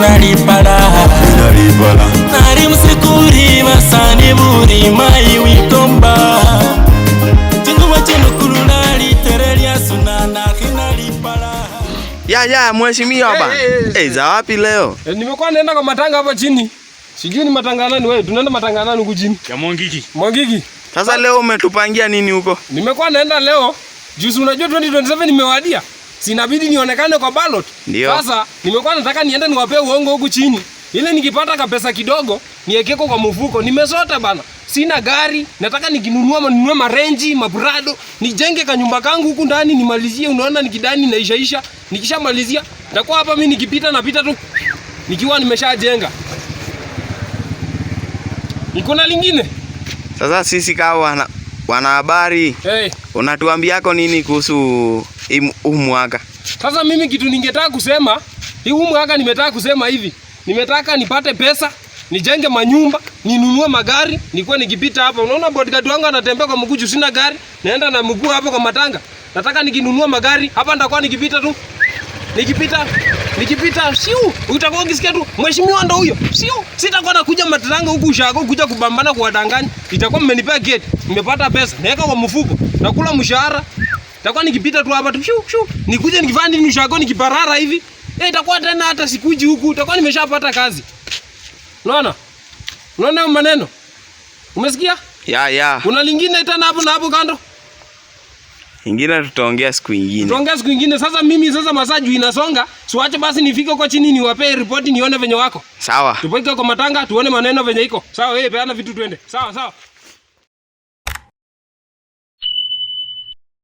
nalipala nali msikulima sani buli mayi wikomba chinguwa ya ya mheshimiwa ba hey, hey, hey. Hey, za wapi leo hey, eh, nimekuwa naenda kwa matanga hapo chini sijui ni matanga nani wewe tunaenda matanga nani huku chini ya Mwangiki Mwangiki sasa leo umetupangia nini huko nimekuwa naenda leo juzi unajua 2027 nimewadia sinabidi nionekane kwa ballot. Ndio. Sasa nimekuwa nataka niende niwapee uongo huku chini ile nikipata kapesa kidogo niekeko kwa mfuko. Nimesota bana, sina gari, nataka nikinunua manunue marenji mabrado nijenge kanyumba kangu huku ndani nimalizie. Unaona, nikidani naishaisha, nikishamalizia nitakuwa hapa mimi, nikipita napita tu nikiwa nimeshajenga. Niko na lingine sasa, sisi kawa Wanahabari, hey, unatuambiako nini kuhusu huu mwaka? Sasa mimi kitu ningetaka kusema hii huu mwaka, nimetaka kusema hivi, nimetaka nipate pesa nijenge manyumba, ninunue magari, nikuwe nikipita hapa. Unaona bodyguard wangu anatembea kwa mguu, sina gari, naenda na mguu hapo kwa matanga. Nataka nikinunua magari hapa, nitakuwa nikipita tu nikipita nikipita siu, utakuwa ukisikia tu mheshimiwa ndo huyo siu. Sitakuwa nakuja mataranga huku ushago kuja kubambana kuwadanganya. Itakuwa mmenipea gate, nimepata pesa, naweka kwa mfuko, nakula mshahara. Itakuwa nikipita tu hapa tu siu siu, nikuje nikivaa ndini ushago nikiparara hivi eh, itakuwa tena hata sikuji huku, itakuwa nimeshapata kazi. Unaona, unaona maneno, umesikia? ya yeah, ya yeah. Una lingine tena hapo na hapo kando. Ingine tutaongea siku nyingine. Tutaongea siku nyingine. Sasa mimi sasa masaji inasonga, siwache basi nifike huko chini niwapee ripoti nione venye wako. Sawa. tupoike kwa matanga tuone maneno venye iko. Sawa, wewe peana vitu twende. Sawa, sawa.